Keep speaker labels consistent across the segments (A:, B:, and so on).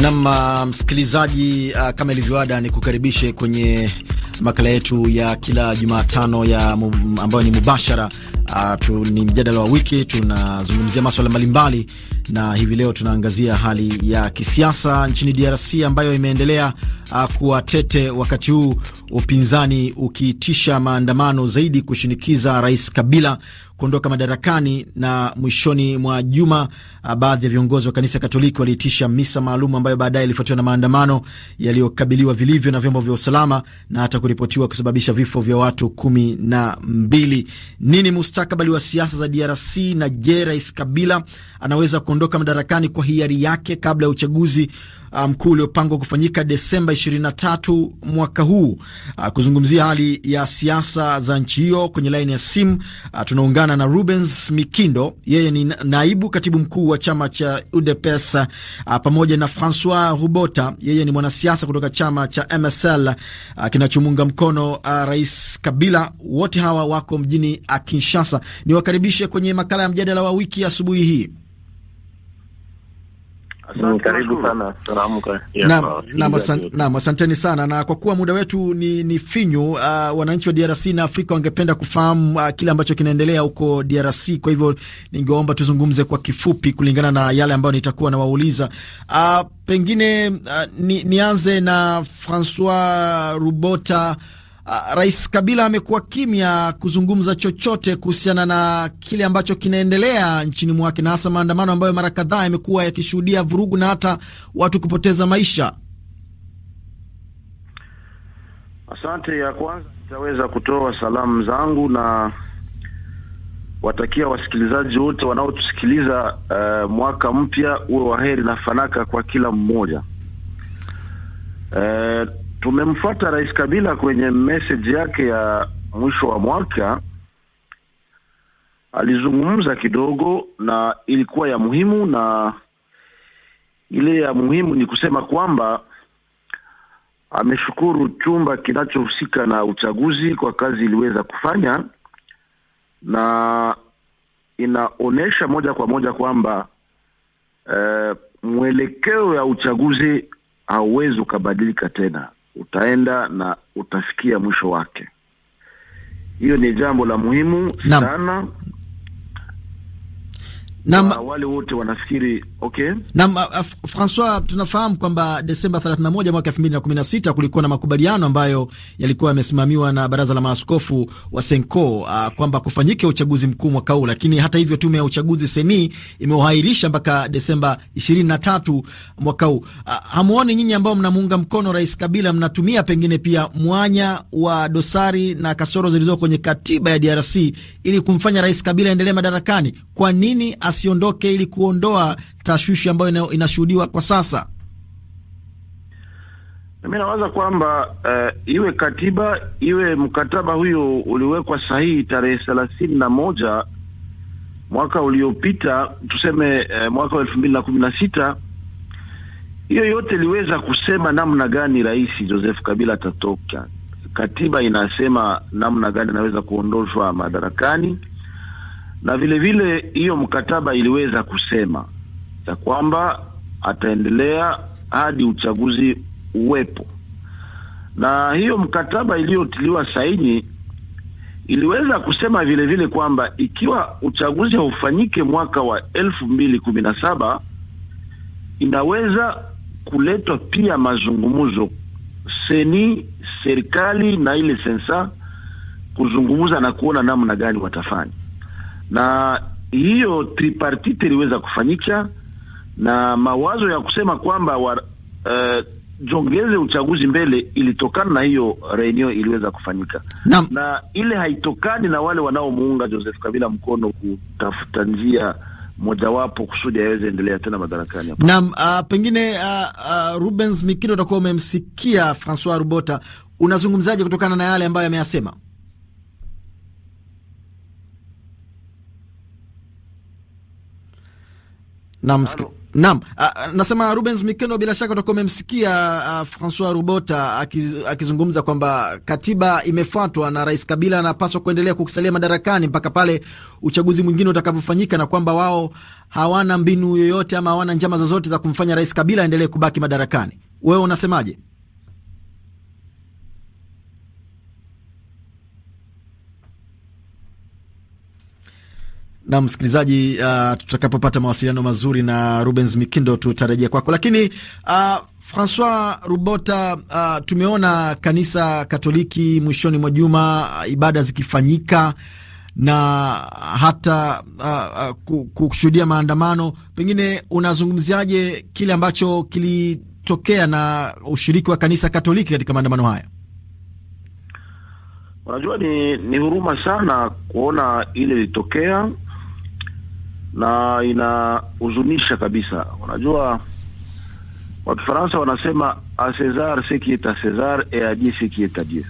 A: Nam uh, msikilizaji, uh, kama ilivyoada ni kukaribishe kwenye makala yetu ya kila Jumatano ya ambayo ni mubashara. Uh, tu, ni mjadala wa wiki, tunazungumzia maswala mbalimbali, na hivi leo tunaangazia hali ya kisiasa nchini DRC ambayo imeendelea uh, kuwa tete, wakati huu upinzani ukiitisha maandamano zaidi kushinikiza Rais Kabila kuondoka madarakani, na mwishoni mwa juma uh, baadhi ya viongozi wa kanisa Katoliki waliitisha misa maalum ambayo baadaye ilifuatiwa na maandamano yaliyokabiliwa vilivyo na vyombo vya usalama na hata kuripotiwa kusababisha vifo vya watu kumi na mbili. Nini mustakabali wa siasa za DRC na je, Rais Kabila anaweza kuondoka madarakani kwa hiari yake kabla ya uchaguzi Uh, mkuu uliopangwa kufanyika Desemba 23 mwaka huu. Uh, kuzungumzia hali ya siasa za nchi hiyo, kwenye laini ya simu uh, tunaungana na Rubens Mikindo, yeye ni naibu katibu mkuu wa chama cha UDPS, pamoja na Francois Rubota, yeye ni mwanasiasa kutoka chama cha MSL kinachomuunga mkono Rais Kabila. Wote hawa wako mjini Kinshasa. Niwakaribishe kwenye makala ya mjadala wa wiki asubuhi hii
B: nam mm, uh,
A: Naam, asanteni sana. Na kwa kuwa muda wetu ni, ni finyu, uh, wananchi wa DRC na Afrika wangependa kufahamu uh, kile ambacho kinaendelea huko DRC. Kwa hivyo ningeomba tuzungumze kwa kifupi kulingana na yale ambayo nitakuwa nawauliza. Uh, pengine uh, ni, nianze na Francois Rubota. Ah, Rais Kabila amekuwa kimya kuzungumza chochote kuhusiana na kile ambacho kinaendelea nchini mwake na hasa maandamano ambayo mara kadhaa yamekuwa yakishuhudia vurugu na hata watu kupoteza maisha.
C: Asante. Ya kwanza nitaweza kutoa salamu zangu na watakia wasikilizaji wote wanaotusikiliza uh, mwaka mpya uwe wa heri na fanaka kwa kila mmoja uh, Tumemfuata Rais Kabila kwenye meseji yake ya mwisho wa mwaka, alizungumza kidogo na ilikuwa ya muhimu, na ile ya muhimu ni kusema kwamba ameshukuru chumba kinachohusika na uchaguzi kwa kazi iliweza kufanya, na inaonyesha moja kwa moja kwamba eh, mwelekeo ya uchaguzi hauwezi ukabadilika tena utaenda na utafikia mwisho wake. Hiyo ni jambo la muhimu sana na uh, wale wote wanafikiri okay.
A: Na uh, Francois, tunafahamu kwamba Desemba 31 mwaka 2016 kulikuwa na makubaliano ambayo yalikuwa yamesimamiwa na baraza la maaskofu wa Senko uh, ah, kwamba kufanyike uchaguzi mkuu mwaka huu, lakini hata hivyo tume ya uchaguzi Seni imeuhairisha mpaka Desemba 23 mwaka huu. Uh, hamuoni nyinyi ambao mnamuunga mkono Rais Kabila mnatumia pengine pia mwanya wa dosari na kasoro zilizoko kwenye katiba ya DRC ili kumfanya Rais Kabila endelee madarakani? Kwa nini asiondoke ili kuondoa tashwishi ambayo inashuhudiwa kwa sasa?
C: Mi nawaza kwamba uh, iwe katiba iwe mkataba huyo uliwekwa sahihi tarehe thelathini na moja mwaka uliopita tuseme, uh, mwaka wa elfu mbili na kumi na sita hiyo yote iliweza kusema namna gani rais Joseph Kabila atatoka. Katiba inasema namna gani anaweza kuondoshwa madarakani, na vilevile hiyo mkataba iliweza kusema ya kwamba ataendelea hadi uchaguzi uwepo, na hiyo mkataba iliyotiliwa saini iliweza kusema vilevile vile kwamba ikiwa uchaguzi haufanyike mwaka wa elfu mbili kumi na saba inaweza kuletwa pia mazungumzo seni serikali na ile sensa kuzungumza na kuona namna gani watafanya na hiyo tripartite iliweza kufanyika na mawazo ya kusema kwamba wa, uh, jongeze uchaguzi mbele ilitokana na hiyo reunion iliweza kufanyika na, na ile haitokani na wale wanaomuunga Joseph Kabila mkono kutafuta njia mojawapo kusudi aweze endelea tena madarakani.
A: Naam, uh, pengine uh, uh, Rubens Mikindo, utakuwa umemsikia Francois Rubota, unazungumzaje kutokana na yale ambayo ameyasema? Naam, naam. Ah, ah, nasema Rubens Mikendo, bila shaka utakuwa umemsikia ah, Francois Rubota akizungumza kwamba katiba imefuatwa na Rais Kabila anapaswa kuendelea kusalia madarakani mpaka pale uchaguzi mwingine utakavyofanyika, na kwamba wao hawana mbinu yoyote ama hawana njama zozote za kumfanya Rais Kabila aendelee kubaki madarakani. Wewe unasemaje? na msikilizaji, uh, tutakapopata mawasiliano mazuri na Rubens Mikindo tutarejea kwako, lakini uh, Francois Rubota, uh, tumeona kanisa Katoliki mwishoni mwa juma uh, ibada zikifanyika na hata uh, uh, kushuhudia maandamano. Pengine unazungumziaje kile ambacho kilitokea na ushiriki wa kanisa Katoliki katika maandamano haya?
C: Unajua, ni, ni huruma sana kuona ile ilitokea na inahuzunisha kabisa. Unajua, Kifaransa wanasema a César ce qui est à César et à Dieu ce qui est à Dieu.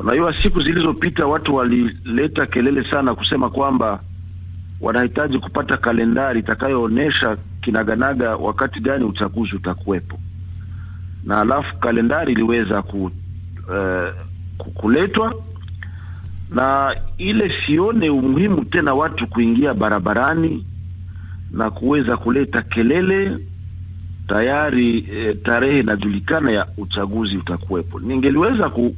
C: Unajua, siku zilizopita watu walileta kelele sana kusema kwamba wanahitaji kupata kalendari itakayoonyesha kinaganaga wakati gani uchaguzi utakuwepo, na alafu kalendari iliweza ku, uh, kuletwa na ile sione umuhimu tena watu kuingia barabarani na kuweza kuleta kelele. Tayari e, tarehe inajulikana ya uchaguzi utakuwepo. Ningeliweza ku,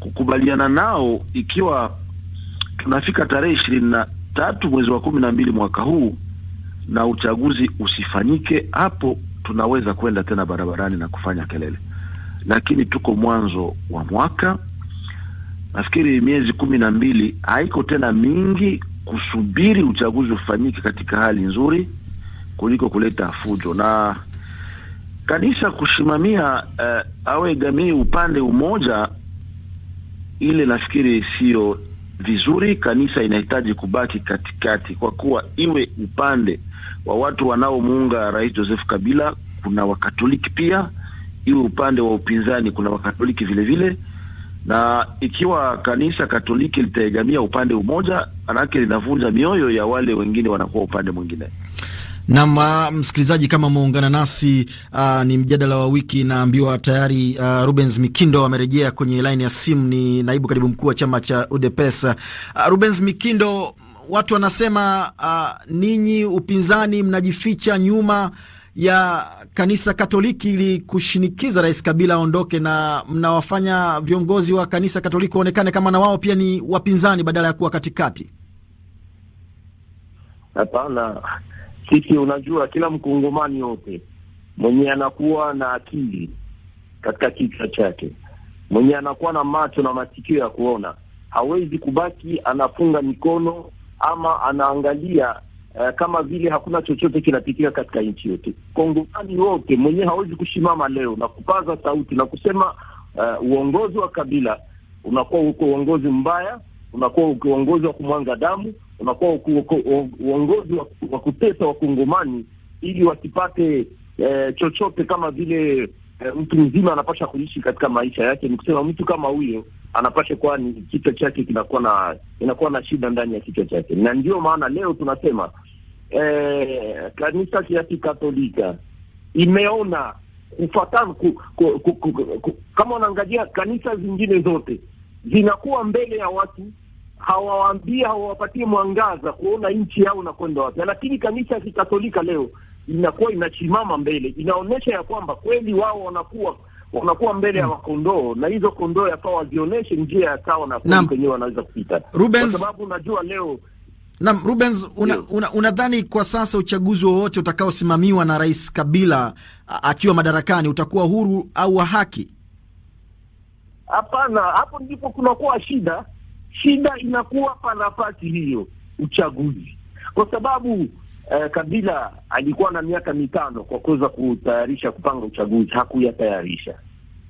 C: kukubaliana nao ikiwa tunafika tarehe ishirini na tatu mwezi wa kumi na mbili mwaka huu na uchaguzi usifanyike, hapo tunaweza kwenda tena barabarani na kufanya kelele, lakini tuko mwanzo wa mwaka nafikiri miezi kumi na mbili haiko tena mingi kusubiri uchaguzi ufanyike katika hali nzuri kuliko kuleta fujo na kanisa kusimamia uh, eh, awe jamii upande umoja, ile nafikiri siyo vizuri. Kanisa inahitaji kubaki katikati, kwa kuwa iwe upande wa watu wanaomuunga Rais Joseph Kabila kuna Wakatoliki pia, iwe upande wa upinzani kuna Wakatoliki vilevile vile na ikiwa kanisa Katoliki litaegamia upande mmoja, manake linavunja mioyo ya wale wengine wanakuwa upande mwingine.
A: Na msikilizaji, kama muungana nasi uh, ni mjadala wa wiki. Naambiwa tayari uh, Rubens Mikindo amerejea kwenye laini ya simu, ni naibu katibu mkuu wa chama cha UDPS. Uh, Rubens Mikindo, watu wanasema uh, ninyi upinzani mnajificha nyuma ya kanisa Katoliki ili kushinikiza Rais Kabila aondoke, na mnawafanya viongozi wa kanisa Katoliki waonekane kama na wao pia ni wapinzani badala ya kuwa katikati?
B: Hapana, sisi, unajua kila mkongomani yote mwenye anakuwa na akili katika kichwa chake, mwenye anakuwa na macho na masikio ya kuona hawezi kubaki anafunga mikono ama anaangalia uh, kama vile hakuna chochote kinapitika katika nchi yote. Kongomani wote mwenye hawezi kushimama leo na kupaza sauti na kusema uh, uongozi wa Kabila unakuwa uongozi mbaya, unakuwa uongozi wa kumwanga damu, unakuwa uongozi wa kutesa Wakongomani ili wasipate eh, chochote kama vile eh, mtu mzima anapasha kuishi katika maisha yake. Ni kusema mtu kama huyo anapasha kuwa ni kichwa chake kinakuwa na inakuwa na shida ndani ya kichwa chake, na ndio maana leo tunasema eh, kanisa ya Katolika imeona kufatana ku, ku, ku, ku, ku, kama wanaangalia kanisa zingine zote zinakuwa mbele ya watu, hawawaambia hawapatie mwangaza kuona nchi yao nakwenda wapi, lakini kanisa ya kikatolika leo inakuwa inachimama mbele, inaonyesha ya kwamba kweli wao wanakuwa wanakuwa mbele ya hmm. wakondoo na hizo kondoo yafaa wazionyeshe njia ya sawa na kwenyewe wanaweza kupita, kwa sababu najua leo
A: Naam, Rubens, unadhani una, una kwa sasa uchaguzi wowote utakaosimamiwa na Rais Kabila akiwa madarakani utakuwa huru au wa haki?
B: Hapana, hapo ndipo kunakuwa shida. Shida inakuwa pa nafasi hiyo uchaguzi, kwa sababu eh, Kabila alikuwa na miaka mitano kwa kuweza kutayarisha kupanga uchaguzi, hakuyatayarisha,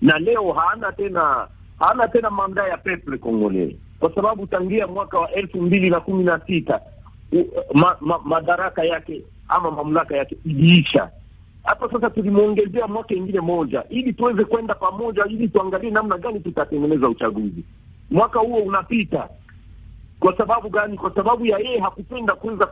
B: na leo haana tena, haana tena manda ya peple Kongole kwa sababu tangia mwaka wa elfu mbili na kumi na sita ma, ma, madaraka yake ama mamlaka yake iliisha. Hapa sasa tulimwongezea mwaka ingine moja ili tuweze kwenda pamoja, ili tuangalie namna gani tutatengeneza uchaguzi. Mwaka huo unapita kwa sababu gani? Kwa sababu ya yeye hakupenda kuweza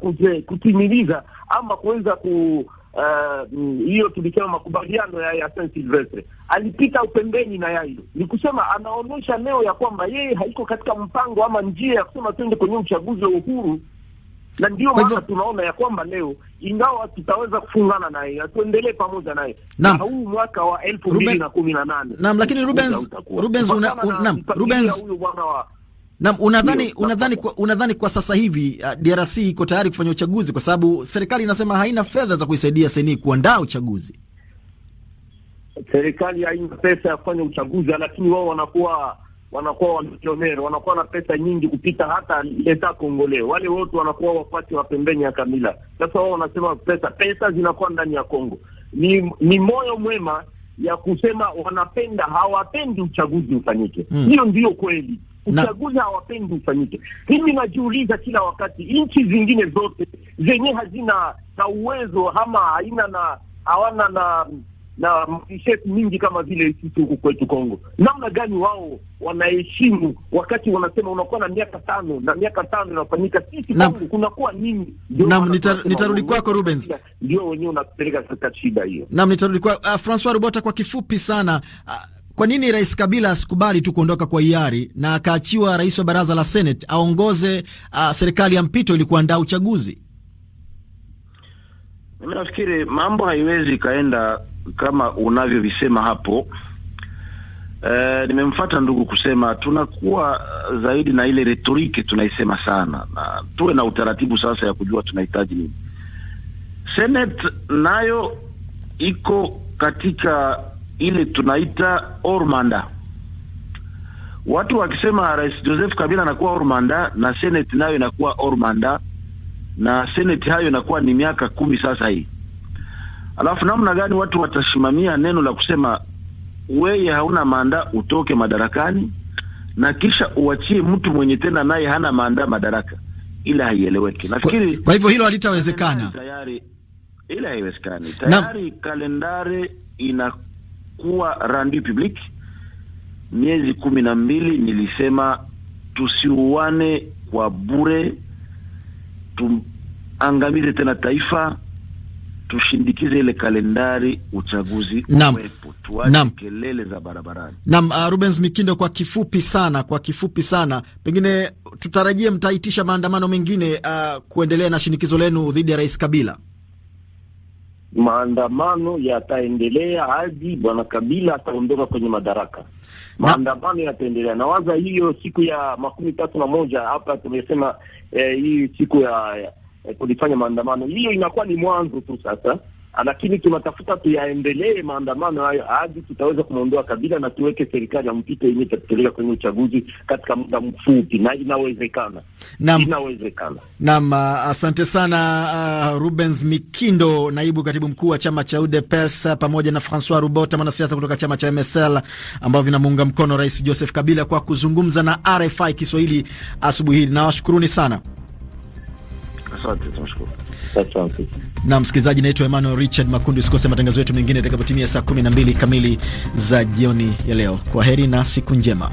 B: kutimiliza ama kuweza ku Uh, hiyo uh, tulisema makubaliano ya, ya Saint Silvestre alipita upembeni na yayo, ni kusema anaonyesha leo ya kwamba yeye haiko katika mpango ama njia ya kusema twende kwenye uchaguzi wa uhuru, na ndio maana tunaona ya kwamba leo, ingawa tutaweza kufungana naye atuendelee pamoja naye na huu mwaka wa elfu mbili na kumi na nane. Naam, lakini Rubens, Rubens, una, una, Rubens, huyu bwana wa
A: Naam, unadhani unadhani kwa, unadhani kwa sasa hivi uh, DRC iko tayari kufanya uchaguzi kwa sababu serikali inasema haina fedha za kuisaidia seni kuandaa uchaguzi.
B: Serikali haina pesa ya kufanya uchaguzi, lakini wao wanakuwa wanakuwa wamisioneri, wanakuwa na pesa nyingi kupita hata leta Kongole. Wale wote wanakuwa wafati wa pembeni ya kamila Sasa wao wanasema pesa pesa zinakuwa ndani ya Kongo. Ni, ni moyo mwema ya kusema wanapenda hawapendi uchaguzi ufanyike, hmm. hiyo mm. Ndiyo kweli uchaguzi hawapendi ufanyike. Mimi najiuliza kila wakati, nchi zingine zote zenye hazina na uwezo ama haina na hawana na na misheti mingi kama vile sisi huku kwetu Kongo, namna gani wao wanaheshimu wakati wanasema unakuwa na miaka tano na miaka tano inafanyika sisi Kongo kunakuwa nini? Naam, nitarudi kwako Rubens, ndio wenyewe unapeleka
C: katika shida hiyo.
A: Naam, nitarudi kwa uh, Francois Rubota kwa kifupi sana. Uh, kwa nini Rais Kabila asikubali tu kuondoka kwa hiari na akaachiwa rais wa baraza la Senate aongoze uh, serikali ya mpito ili kuandaa uchaguzi?
C: Mimi nafikiri mambo haiwezi ikaenda kama unavyovisema hapo. Uh, eh, nimemfata ndugu kusema tunakuwa zaidi na ile retoriki tunaisema sana, na tuwe na utaratibu sasa ya kujua tunahitaji nini. Senate nayo iko katika ile tunaita Ormanda. Watu wakisema Rais Joseph Kabila anakuwa Ormanda na Senate nayo inakuwa Ormanda, na Senate hayo inakuwa ni miaka kumi sasa hii. Alafu namna gani watu watasimamia neno la kusema weye hauna manda utoke madarakani na kisha uachie mtu mwenye tena naye hana manda madaraka, ila haieleweki. Nafikiri kwa, kwa
A: hivyo hilo halitawezekana tayari,
C: ila haiwezekani tayari. Kalendari ina kuwa rendu public miezi kumi na mbili nilisema tusiuane kwa bure, tuangamize tena taifa, tushindikize ile kalendari uchaguzi uwepo, tuache kelele za barabarani.
A: nam Uh, Rubens Mikindo, kwa kifupi sana, kwa kifupi sana, pengine tutarajie mtaitisha maandamano mengine uh, kuendelea na shinikizo lenu dhidi ya Rais Kabila
B: maandamano yataendelea hadi bwana Kabila ataondoka kwenye madaraka. Maandamano yataendelea na waza hiyo siku ya makumi tatu na moja hapa tumesema eh, hii siku ya ya kulifanya maandamano hiyo inakuwa ni mwanzo tu sasa Ah, lakini tunatafuta tuyaendelee maandamano hayo hadi tutaweza kumwondoa Kabila na tuweke serikali ya mpito yenye itatupeleka kwenye uchaguzi katika muda mfupi, na inawezekana. Naam,
A: inawezekana. nam ah, asante sana uh, Rubens Mikindo, naibu katibu mkuu wa chama cha UDPS pamoja na Francois Rubota, mwanasiasa kutoka chama cha MSL ambao vinamuunga mkono Rais Joseph Kabila, kwa kuzungumza na RFI Kiswahili asubuhi hii. Nawashukuruni sana.
C: Asante tunashukuru.
A: Na msikilizaji, naitwa Emmanuel Richard Makundi. Usikose matangazo yetu mengine itakapotimia saa 12 kamili za jioni ya leo. Kwa heri na siku njema.